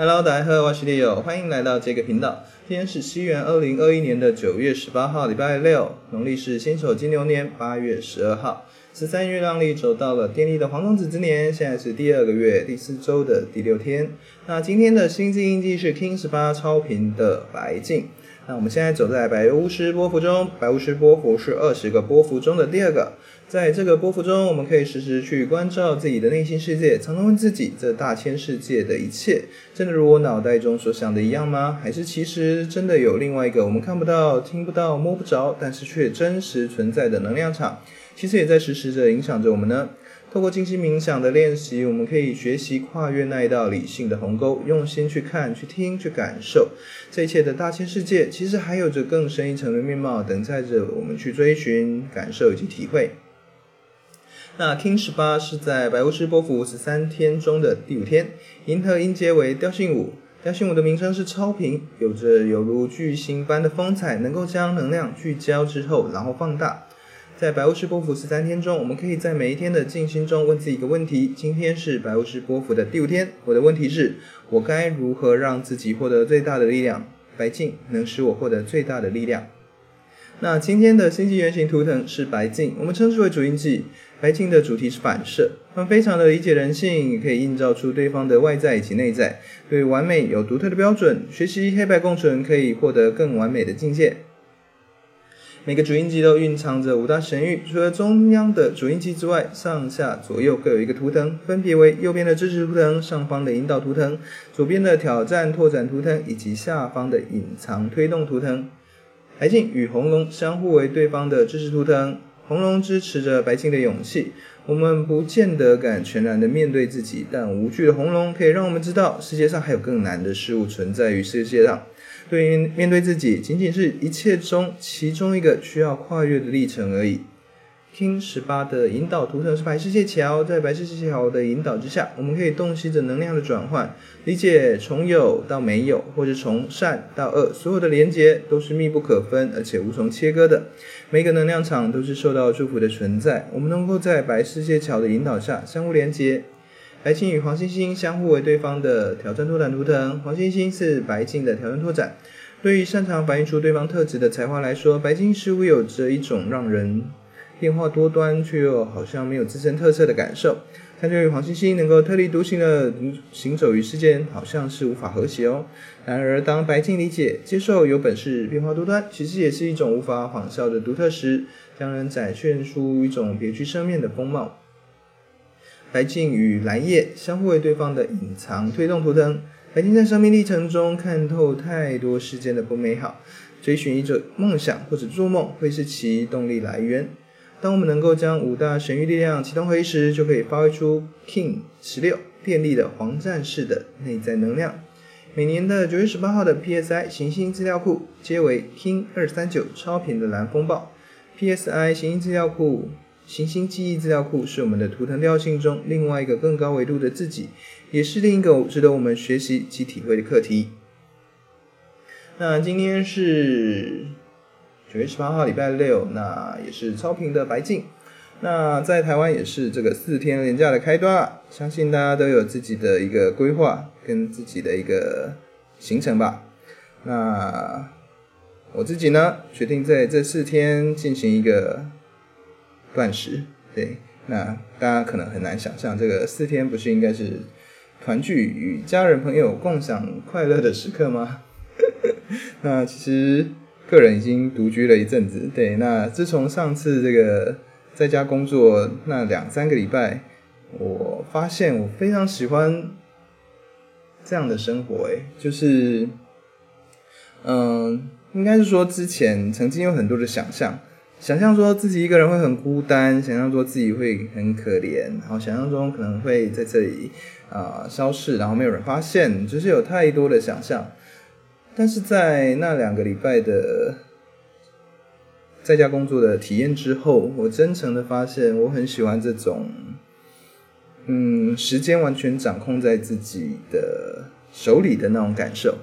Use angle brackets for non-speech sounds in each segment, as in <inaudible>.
Hello，大家好，我是 Leo，歡迎來到這個頻道。今天是西元二零二一年的九月十八號，禮拜六，農曆是辛丑金牛年八月十二號，十三月亮曆走到了電力的黃種子之年，現在是第二個月第四周的第六天。那今天的星系印記是 KIN 十八超頻的白鏡。那我們現在走在白巫師波符中，白巫師波符是二十個波符中的第二個。在這個波符中，我們可以時時去關照自己的內心世界，常常問自己：這大千世界的一切，真的如我腦袋中所想的一樣嗎？還是其實真的有另外一個我們看不到、聽不到、摸不着，但是却真實存在的能量場，其實也在時時著影響着我們呢？透過靜心冥想的練習，我們可以學習跨越那一道理性的鴻溝，用心去看、去聽、去感受。這一切的大千世界，其實還有着更深一層的面貌，等待着我們去追尋、感受以及體會。那 KIN 十八是在白巫師波符十三天中的第五天，銀河音階為調性五。調性五的名稱是超頻，有着猶如巨星般的風采，能夠將能量聚焦之後，然後放大。在白巫師波伏十三天中，我們可以在每一天的靜心中問自己一個問題：今天是白巫師波伏的第五天，我的問題是：我該如何讓自己獲得最大的力量？白鏡能使我獲得最大的力量。那今天的星際原型圖騰是白鏡，我們稱之為主印記。白鏡的主題是反射，他們非常的理解人性，也可以映照出對方的外在以及內在。對完美有獨特的標準，學習黑白共存可以獲得更完美的境界。每個主印記都蘊藏着五大神域，除了中央的主印記之外，上下左右各有一個圖騰，分別為右邊的支持圖騰、上方的引導圖騰、左邊的挑戰拓展圖騰以及下方的隱藏推動圖騰。白鏡與紅龍相互為對方的支持圖騰，紅龍支持着白鏡的勇氣。我們不見得敢全然的面對自己，但無懼的紅龍可以讓我們知道，世界上還有更難的事物存在於世界上。對於面對自己，僅僅是一切中其中一個需要跨越的歷程而已。KIN 十八的引導圖層是白世界橋，在白世界橋的引導之下，我們可以洞悉着能量的轉換，理解從有到沒有，或者從善到惡，所有的連接都是密不可分，而且無從切割的。每個能量場都是受到祝福的存在，我們能夠在白世界橋的引導下相互連接。白鏡與黃星星相互為對方的挑戰拓展圖騰，黃星星是白鏡的挑戰拓展。對於擅長反映出對方特質的才華來說，白鏡似乎有着一種讓人變化多端卻又好像沒有自身特色的感受。但對於黃星星能夠特立獨行的行走於世間，好像是無法和諧哦。然而，當白鏡理解接受有本事變化多端，其實也是一種無法仿效的獨特時，將人展現出一種別具生命的風貌。白鏡與藍夜相互為對方的隱藏推動圖騰。白鏡在生命歷程中看透太多世間的不美好，追尋一種夢想或者築夢會是其動力來源。當我們能夠將五大神域力量啟動回時，就可以發揮出 King 十六電力的黃戰士的內在能量。每年的九月十八號的 PSI 行星資料庫皆為 King 二三九超頻的藍風暴。PSI 行星資料庫。行星記憶資料庫是我們的圖騰調性中另外一個更高維度的自己，也是另一個值得我們學習及體會的課題。那今天是九月十八號，禮拜六，那也是超頻的白鏡。那在台灣也是這個四天連假的開端，相信大家都有自己的一個規劃跟自己的一個行程吧。那我自己呢，決定在這四天進行一個斷食，對，那大家可能很難想象，這個四天不是應該是團聚與家人朋友共享快樂的時刻嗎？呵呵，那其實個人已經獨居了一陣子，對，那自從上次這個在家工作那兩三個禮拜，我發現我非常喜歡這樣的生活，誒，就是，嗯，應該是說之前曾經有很多的想象。想象說自己一個人會很孤單，想象說自己會很可憐，然後想象中可能會在這裡啊，呃，消失，然後沒有人發現，就是有太多的想象。但是在那兩個禮拜的在家工作的體驗之後，我真誠的發現，我很喜歡這種嗯，時間完全掌控在自己的手裡的那種感受。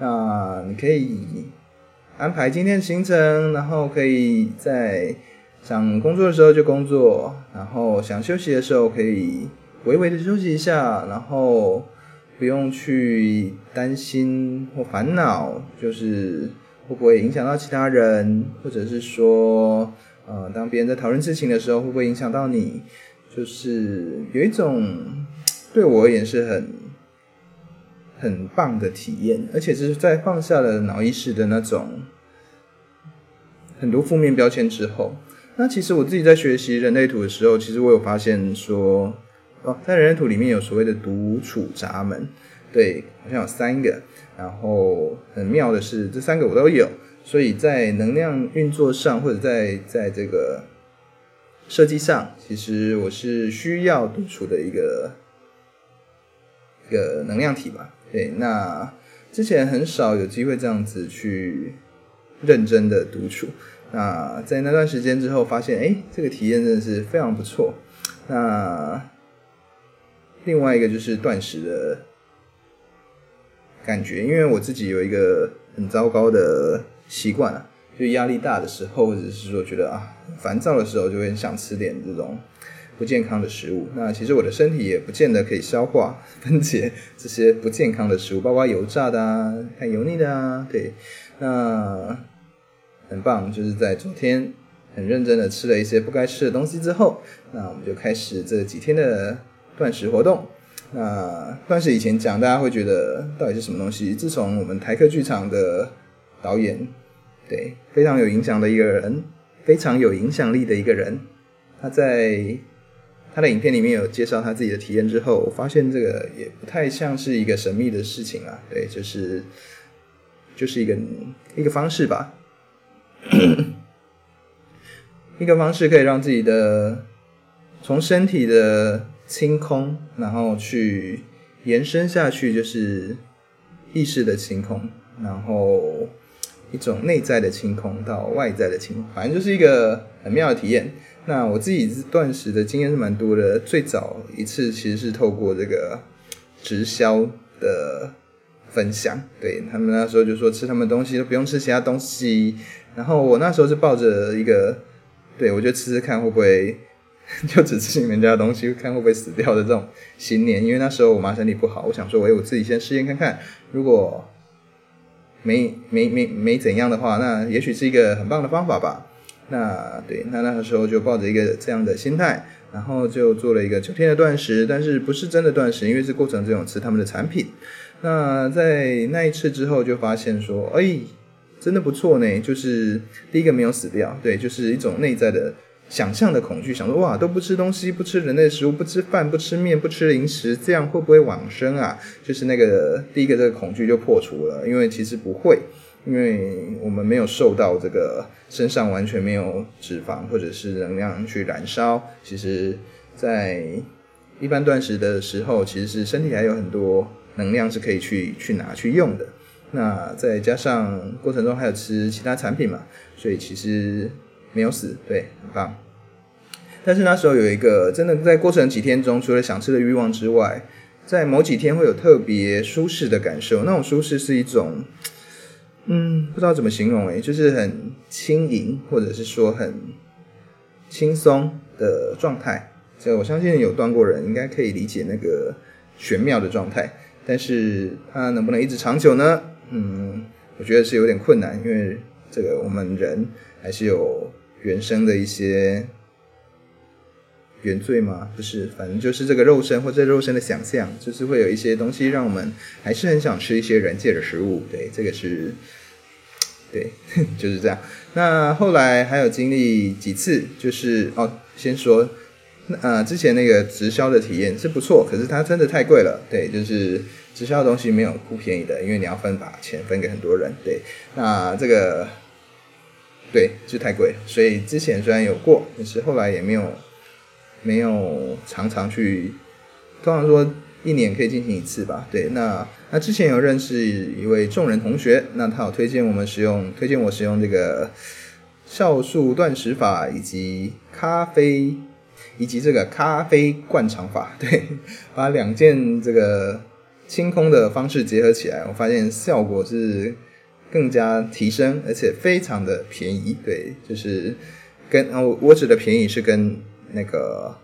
那，呃，你可以。安排今天的行程，然後可以在想工作的時候就工作，然後想休息的時候可以微微的休息一下，然後不用去擔心或煩惱，就是會不會影響到其他人，或者是說，呃，當別人在討論事情的時候會不會影響到你，就是有一種對我而言是很。很棒的體驗，而且是在放下了腦意識的那種很多負面標籤之後。那其實我自己在學習人類圖的時候，其實我有發現說，哦，在人類圖裡面有所謂的獨處閘門，對，好像有三個。然後很妙的是，這三個我都有，所以在能量運作上或者在在這個設計上，其實我是需要獨處的一個一個能量體吧。對，那之前很少有機會這樣子去認真的獨處。那在那段時間之後，發現哎，這個體驗真的是非常不錯。那另外一個就是斷食的感覺，因為我自己有一個很糟糕的習慣啊，就壓力大的時候，或者是說覺得啊，煩躁的時候，就會想吃點這種。不健康的食物，那其實我的身體也不見得可以消化分解這些不健康的食物，包括油炸的啊、很油膩的啊，對。那很棒，就是在昨天很認真的吃了一些不該吃的東西之後，那我們就開始這幾天的斷食活動。那斷食以前講，大家會覺得到底是什麼東西？自從我們台客劇場的導演，對，非常有影響的一個人，非常有影響力的一個人，他在。他的影片裡面有介紹他自己的體驗之後，我發現這個也不太像是一個神秘的事情啊，對，就是就是一個一個方式吧， <coughs> 一個方式可以讓自己的從身體的清空，然後去延伸下去，就是意識的清空，然後一種內在的清空到外在的清空，反正就是一個很妙的體驗。那我自己是斷食的經驗是蠻多的，最早一次其實是透過這個直銷的分享，對，他們那時候就說吃他們東西都不用吃其他東西，然後我那時候是抱着一個，對，我就吃吃看會不會就只吃你們家的東西，看會不會死掉的這種信念，因為那時候我媽身體不好，我想說，我、欸、我自己先試驗看看，如果沒沒沒沒怎樣的話，那也許是一個很棒的方法吧。那對，那那個時候就抱着一個這樣的心態，然後就做了一個九天的斷食，但是不是真的斷食，因為是過程，這種吃他們的產品。那在那一次之後，就發現說，哎，真的不錯呢。就是第一個沒有死掉，對，就是一種內在的想象的恐懼，想說哇，都不吃東西，不吃人類的食物，不吃飯，不吃麵，不吃零食，這樣會不會往生啊？就是那個第一個這個恐懼就破除了，因為其實不會。因為我們沒有瘦到這個身上完全沒有脂肪，或者是能量去燃燒，其實在一般斷食的時候，其實是身體還有很多能量是可以去去拿去用的。那再加上過程中還有吃其他產品嘛，所以其實沒有死，對，很棒。但是那時候有一個真的在過程幾天中，除了想吃的慾望之外，在某幾天會有特別舒適的感受，那種舒適是一種。嗯，不知道怎麼形容誒，就是很輕盈，或者是說很輕鬆的狀態。這個我相信有斷過人應該可以理解那個玄妙的狀態，但是它能不能一直長久呢？嗯，我覺得是有點困難，因為這個我們人還是有原生的一些原罪嘛，就是反正就是這個肉身或者肉身的想象，就是會有一些東西讓我們還是很想吃一些人界的食物。對，這個是。對，就是這樣。那後來還有經歷幾次，就是哦，先說，呃，之前那個直銷的體驗是不錯，可是它真的太貴了。對，就是直銷的東西沒有不便宜的，因為你要分把錢分給很多人。對，那這個對是太貴了，所以之前雖然有過，但是後來也沒有沒有常常去，通常說。一年可以進行一次吧，對。那那之前有認識一位眾人同學，那他有推薦我們使用，推薦我使用這個酵素斷食法，以及咖啡，以及這個咖啡灌腸法，對，把兩件這個清空的方式結合起來，我發現效果是更加提升，而且非常的便宜，對，就是跟我、哦、我指的便宜是跟那個。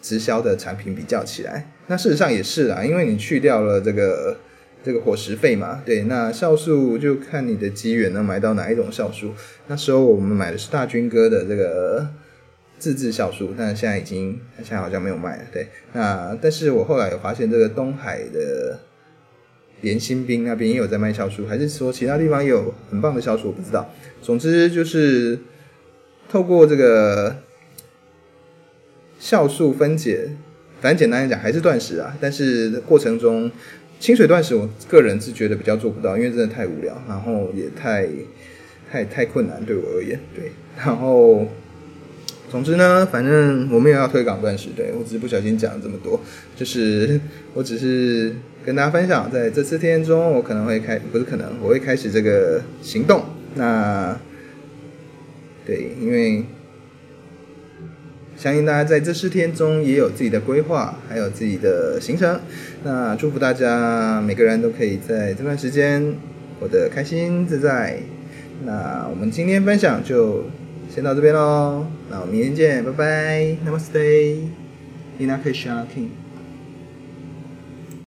直銷的產品比較起來，那事實上也是啦，因為你去掉了這個這個伙食費嘛，對。那酵素就看你的機緣能買到哪一種酵素。那時候我們買的是大軍哥的這個自制酵素，但是現在已經現在好像沒有賣了，對。那但是我後來有發現，這個東海的連新兵那邊也有在賣酵素，還是說其他地方也有很棒的酵素，我不知道。總之就是透過這個。酵素分解，反正簡單來講還是斷食啊。但是過程中清水斷食，我個人是覺得比較做不到，因為真的太無聊，然後也太太太困難對我而言。對，然後總之呢，反正我沒有要推廣斷食。對，我只是不小心講了這麼多，就是我只是跟大家分享，在這四天中我可能會開，不是可能，我會開始這個行動。那對，因為。相信大家在這四天中也有自己的規劃，還有自己的行程。那祝福大家每個人都可以在這段時間過得開心自在。那我們今天分享就先到這邊嘍。那我們明天見，拜拜，Namaste，In Lak'ech Ala K'in。aste